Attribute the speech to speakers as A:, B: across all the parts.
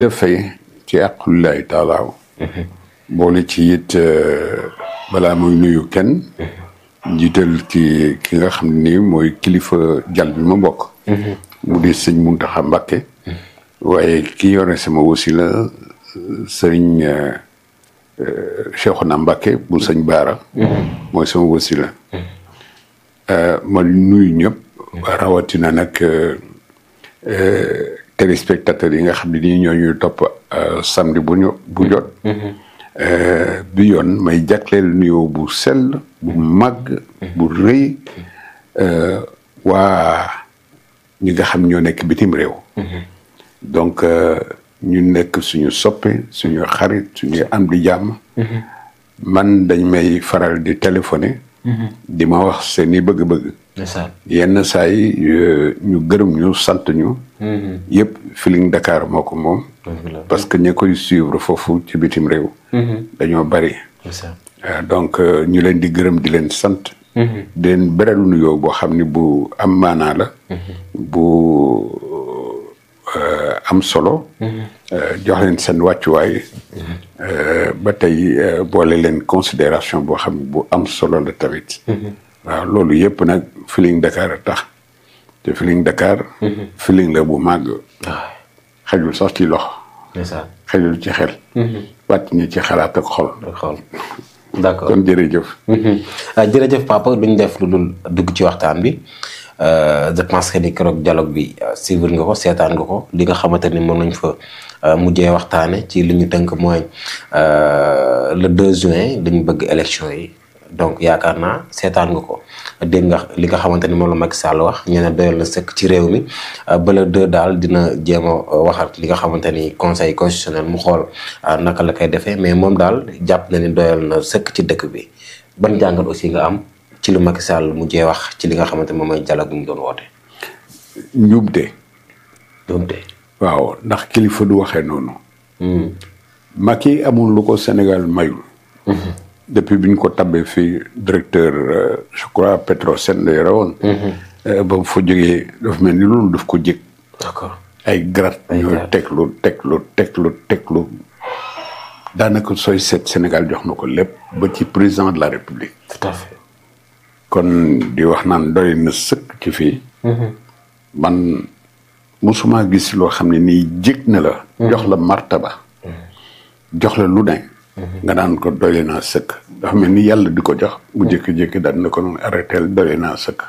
A: la fay ci àqullahi taalaaw boole ci it euh, balaa muy nuyu kenn jiital ki ki nga xam ni mooy kilifa jal bi ma bokk mu di sëñ Muntaxa Mbàkke waaye ki yore sama wasila sëriñ euh, euh, Cheikhouna Mbàkke bu sëñ Baara mooy sama wasila ma nuyu ñëpp rawatina nag téléspectateurs yi nga xam ne nii ñooñu ñuy topp euh, samedi bu ñu bu jot. Mm-hmm. Mm-hmm. Euh, du yoon may jagleel nuyoo bu sell bu màgg mm-hmm. bu rëy euh, waa ñi nga xam ñoo nekk bitim réew. donc ñu nekk suñu soppi suñu xarit suñu am di jàmm. man dañ may faral di téléphoner. di ma wax seen i bëgg-bëgg. yenn saa euh, ñu gërëm ñu sant ñu. Mm-hmm. yëpp Feeling Dakar moo ko moom. parce que ña koy suivre foofu ci bitim réew. Mm-hmm. dañoo bari. Euh, donc euh, ñu leen di gërëm di leen sant. Mm-hmm. di leen beral nuyoo boo xam ni bu am la. bu Euh, am solo. Mm-hmm. Euh, jox leen seen wàccuwaay. Mm-hmm. Euh, ba tey boole leen considération boo xam ne bu am solo la tamit. Mm-hmm. waaw loolu yëpp nag Feeling Dakar a tax te Feeling Dakar. Feeling la bu màgg. Ah. xajul sax ci loxo. xajul ci xel. wàcc ñu ci xalaat ak xol. ak xol d'accord
B: kon jërëjëf. jërëjëf papa def lu dul dugg ci waxtaan bi. Euh, je pense que ni keroog jaloog bi euh, suivre nga ko seetaan nga ko li nga xamante ni moom nañ fa euh, mujjee waxtaane ci li ñu tënk mooy le 2 juin dañu bëgg élection yi donc yaakaar naa seetaan nga ko dégg nga li nga xamante ni moom la Macky Sall wax ñu ne doyal na sëkk ci réew mi ba le daal dina jéem a waxaat li nga xamante ni conseil constitutionnel mu xool naka la koy defee mais moom daal jàpp na ni doyal na sëkk ci dëkk bi ban jàngat aussi nga am. ci lu Macky Sall mujjee wax ci li nga xamante moom mooy dialogue bu mu doon woote.
A: njuumte. njuumte. waaw ndax kilifa du waxee noonu. Hmm. Macky amul lu ko Sénégal mayul. Hmm. depuis bi ñu ko tabee fii directeur euh, je crois Petrosen la yore woon. Hmm. Euh, ba mu fa jógee dafa mel ni loolu daf ko jëkk. d'accord ay grade ñooy teglu teglu teglu teglu. daanaka sooy seet Sénégal jox na ko lépp ba ci président de la République. kon di wax naan doy na sëkk ci fii. Mhm. man musuma gis loo xam ne nii jég na la. Mhm. jox la martaba.
C: Mhm.
A: jox la lu ne. nga naan ko doy naa sëkk. dafa mel ni yàlla di ko jox. bu jékki-jékki daal na ko noonu arrêté doy naa sëkk.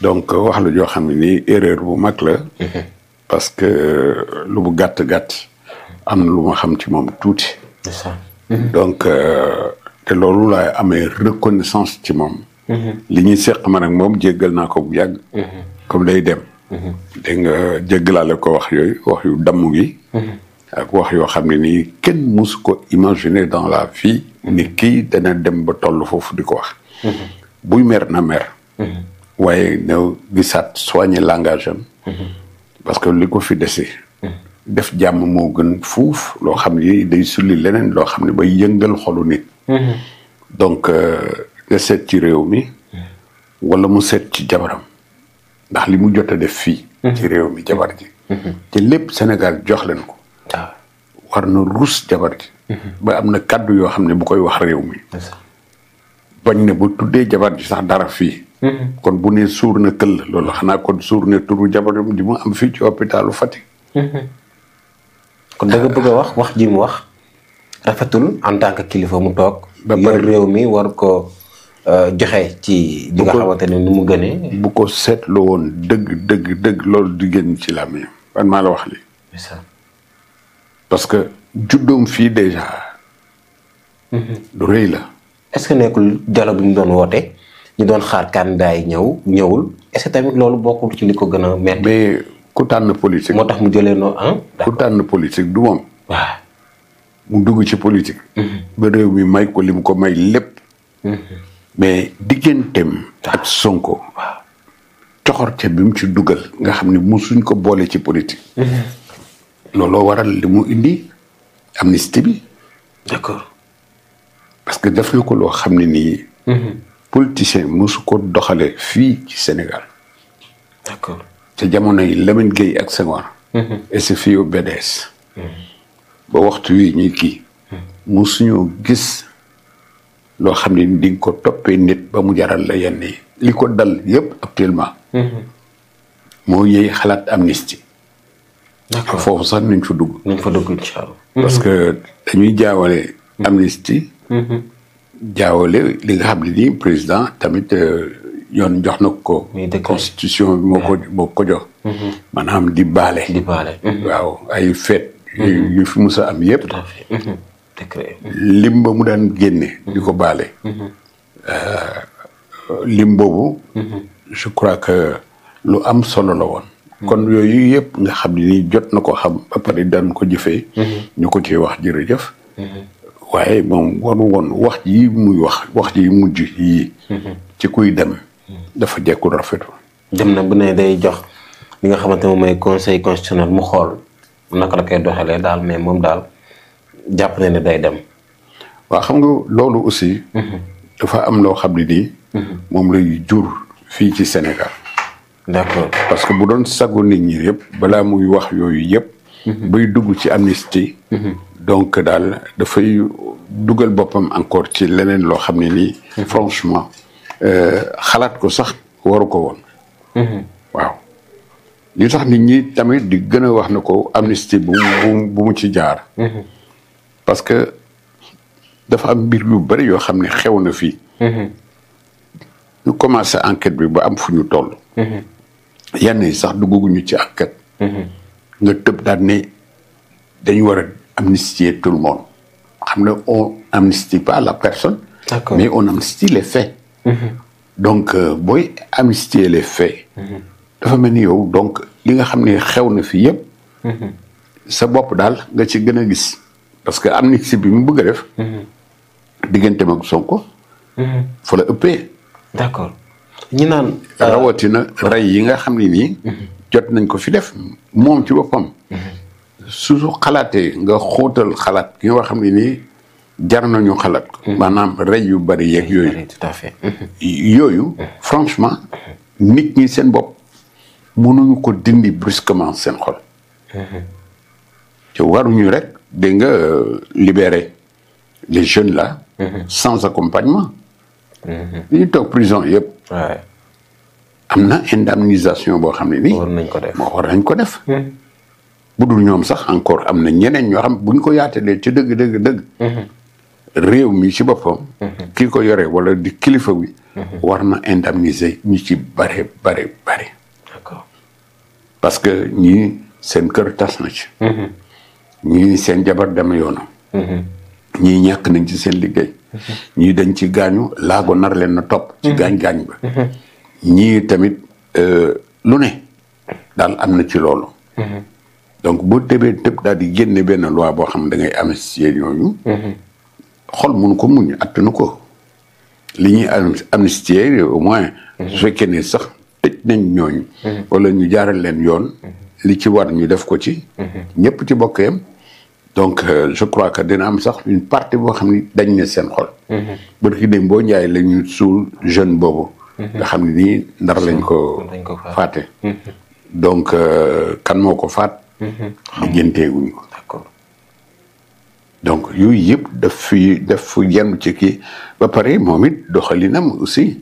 A: donc wax la joo xam ne nii erreur bu mag la. parce que euh, lu bu gàtt gàtt. am na lu ma xam ci moom tuuti. donc. Euh, te loolu laay amee reconnaissance ci moom. Mhm. li ñuy seq man moom jéggal naa ko bu yàgg. Mhm. comme day dem. Mhm. dégg nga jéggalaale ko wax yooyu wax yu damm gi. wax yoo xam ne nii kenn mosu ko imaginer dans la vie. ni kii dana dem ba toll foofu di ko wax. buy mer na mer. waaye new gisaat soigner langage parce que li ko fi dese. def jàmm moo gën fuuf loo xam ni day suli leneen loo xam ne bay yëngal xolu nit. Mm-hmm. donc euh, nga seet ci réew mi wala mu seet ci jabaram ndax li mu jot a def fii mm-hmm. ci réew mi jabar ji mm-hmm. te lépp Sénégal jox leen ko ah. war na rus jabar ji ba am na kàddu yoo xam ne bu koy wax réew mi bañ ne ba tuddee jabar ji sax dara fii kon bu ne suur na këll loolu xanaa kon suur ne turu jabaram di mu am fii ci hôpitalu Fatick kon da nga wax wax ji wax rafetul en tant que kilifa mu toog. ba
B: réew mi war ko euh, joxe ci. bu nga xamante ne ni mu gënee. bu ko seetloo
A: woon dëgg dëgg dëgg loolu di génn ci làmmiñam man maa la wax li parce que juddoom fii déjà. lu rëy la.
B: est-ce que nekkul dialogue bi ñu doon woote ñu doon xaar candidat yi ñëw ñëwul est que tamit
A: loolu bokkul ci ni ko gën a metti mais ku tànn politique. moo tax mu jëlee noo ah. ku tànn politique du moom. mu dugg ci politique. Mm-hmm. ba réew mi may ko li mu ko may lépp. Mm-hmm. mais digganteem ak Sonko. coxorte bi mu ci dugal nga xam ne mosuñ ko boole ci politique.
C: Mm-hmm.
A: looloo waral li mu indi amnistie bi. d'accord parce que def na ko loo xam ne nii. politicien mosu ko doxale fii ci Sénégal. d'accord ca jamono yi Lamine Gueye ak Senghor. et ce fii au ba waxtu wi ñu kii mu hmm. suñu gis loo xam ne di ko toppee nit ba mu jaral la yenn yi li ko dal yëpp actuellement hmm. moo yëy xalaat amnistie d'accord foofu sax nañ fa dugg nañ fa dugg incha allah hmm. parce que dañuy jaawale amnistie jaawale li nga xam ne nii président tamit euh, yoon jox na ko constitution moo ko moo ko jox maanaam waaw ay fête Mm-hmm. yu fi musa am yëpp. Mm-hmm. lim ba mu daan génne. di ko baale. Mm-hmm. Euh, lim boobu. je crois que lu am solo la woon. kon yooyu yëpp nga xam ne nii jot na ko xam ba pare daan ko jëfee. ñu ko ciy wax jërëjëf. waaye moom waru woon wax yi muy wax wax ji mujj yii. ci kuy dem. dafa jekku rafetu
B: dem na bu ne day jox li nga xamante moom mooy conseil constitutionnel mu xool. naka la koy doxalee daal mais moom daal jàpp na ne day
A: dem. waa xam nga loolu aussi. Mhm. dafa am loo xam ne nii. Mhm. moom lay jur fii ci Sénégal. d'accord parce que bu doon sago nit ñi yëpp balaa muy wax yooyu yëpp. Mhm. buy dugg ci amnistie. donc daal dafay dugal boppam encore ci leneen loo xam ne nii. franchement euh, xalaat ko sax waru ko woon. li tax nit ñi tamit di gën a wax na ko amnistie bu mu bu mu ci jaar. Mhm. parce que dafa am mbir yu bëri yoo xam ne xew na fii. Mhm. ñu commencé enquête bi ba am fu ñu toll. Mhm. yenn yi sax dugguñu ci enquête. nga tëb daal ne dañu war a amnistier tout le monde xam ne on amnistie pas la personne. mais on les faits. donc euh, booy amnistier les faits. dafa mel ni yow donc li nga xam ne xew na fi yëpp. Mhm. sa bopp daal nga ci gën a gis parce que am amnistie sibi mu bëgg a def. Mhm. digganteem ak
C: Sonko. Mhm.
A: fa la ëppee. d'accord ñi naan. Euh, rawatina rey yi nga xam ni nii. jot nañ ko fi def moom ci boppam. su su xalaatee nga xóotal xalaat ki nga xam ne nii jar nañu xalaat ko. maanaam rey yu bari yeeg yooyu. tout à yooyu franchement nit ñi seen bopp. mënuñu ko dindi brusquement seen xol. te waruñu rek dégg nga euh, libérer les jeunes là. sans accompagnement. li ñu toog prison yëpp. am na indemnisation boo xam ne nii. war nañ ko def moo war nañ ko def. Hmm. bu dul ñoom sax encore am na ñeneen ñoo xam buñ ko yaatalee ci dëgg dëgg dëgg. Hmm. réew mi ci boppam. Hmm. kii ko yore wala di kilifa wi. war na indemniser ñu ci bare bare bare. parce que ñii seen kër tas na ci. Mhm. ñii seen jabar dem yoonam. Mhm. ñii ñàkk nañ ci seen liggéey. Mhm. ñii dañ ci gaañu laago nar leen na topp. ci gaañ gaañ ba. ñii tamit euh, lu ne daal am na ci loolu. donc boo tëbee tëb daal di génne benn loi boo xam ne da ngay amnistier ñooñu. xol mënu ko muñ attanu ko li ñuy amnistier au moins. su fekkee ne sax tëj nañ ñooñu. Mm-hmm. wala ñu jaaral leen yoon. Mm-hmm. li ci war ñu def ko ci. Mm-hmm. ñëpp ci bokk yam donc euh, je crois que dina am sax une partie boo xam ni dañ ne seen xol. barki dem boo njaay la ñu suul jeune boobu. nga xam ne nii ndar lañ ko. dañ ko faate donc euh, kan moo ko faat. jënteeguñ ko. donc yooyu yëpp def fi daf yenn ci kii ba pare moom it doxaliinam aussi.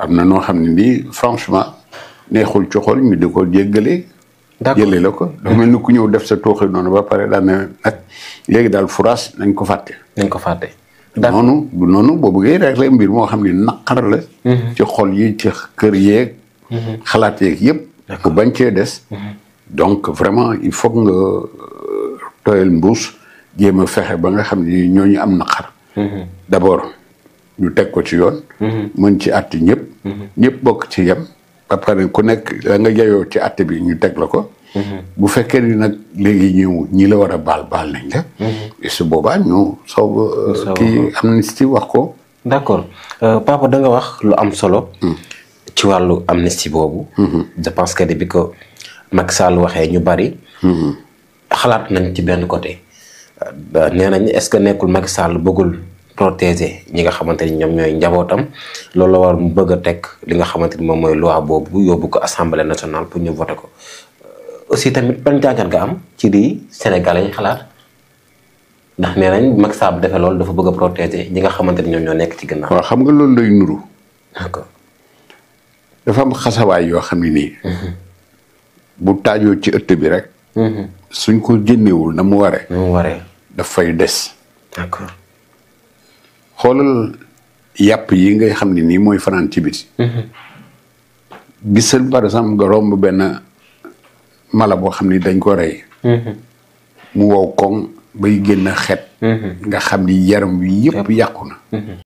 A: am na noo xam ne nii franchement neexul ci xool ñu di ko jéggale. d'accord jëlee la ko. dafa mel ni ku ñëw def sa tooxi noonu ba pare daan na nag daal furaas nañ ko fàtte. nañ ko fàtte. d'accord noonu bu noonu boo bëggee rek la mbir moo xam ne naqar la. Mm-hmm. ci xol yi ci kër yeeg. Mm-hmm. xalaat yeeg yëpp. bu bañ cee des. Mm-hmm. donc vraiment il faut nga euh, tooyal mbuus jéem a fexe ba nga xam ne ñooñu am naqar. d'abord. ñu teg ko ci yoon. Mm-hmm. mën ci àtt ñëpp. Mm-hmm. ñëpp bokk ci yem. ba pare ku nga yeyoo ci àtt bi ñu teg ko. Mm-hmm. bu fekkee ni nag léegi ñëw ñi la war a baal baal nañ la. su boobaa ñu soog kii wax
B: ko. d'accord euh, papa da nga wax lu am solo. Mm. ci wàllu amnistie boobu. je pense que depuis Sall waxee ñu bari. xalaat nañ ci benn côté. Euh, nee nañ est-ce que nekkul Macky Sall bëggul. protéger ñi nga xamante ni ñoom ñooy njabootam loolu la war mu bëgg a teg li nga xamante ni moom mooy loi boobu yóbbu ko assemblée nationale pour ñu voté ko euh, aussi tamit ban jàngat nga am ci di Sénégalais yi xalaat ndax nee nañ Macky Sall bu defee loolu dafa bëgg a protéger ñi nga xamante ni ñoom ñoo nekk ci gannaaw.
A: waaw xam nga loolu lay nuru. d'accord dafa am xasawaay yoo xam ne nii. Mhm. bu taajoo ci ëtt bi rek. Mhm. suñ ko génnewul na mu waree. na mu waree daf fay des. d'accord. xoolal yàpp yi ngay xam ne nii mooy fanaan ci biti mhm. gisal par exemple nga romb benn mala boo xam ni dañ ko rey
C: mhm. mu wow koŋ bay génn xet mhm. nga xam ni yaram wi yëpp yàqu na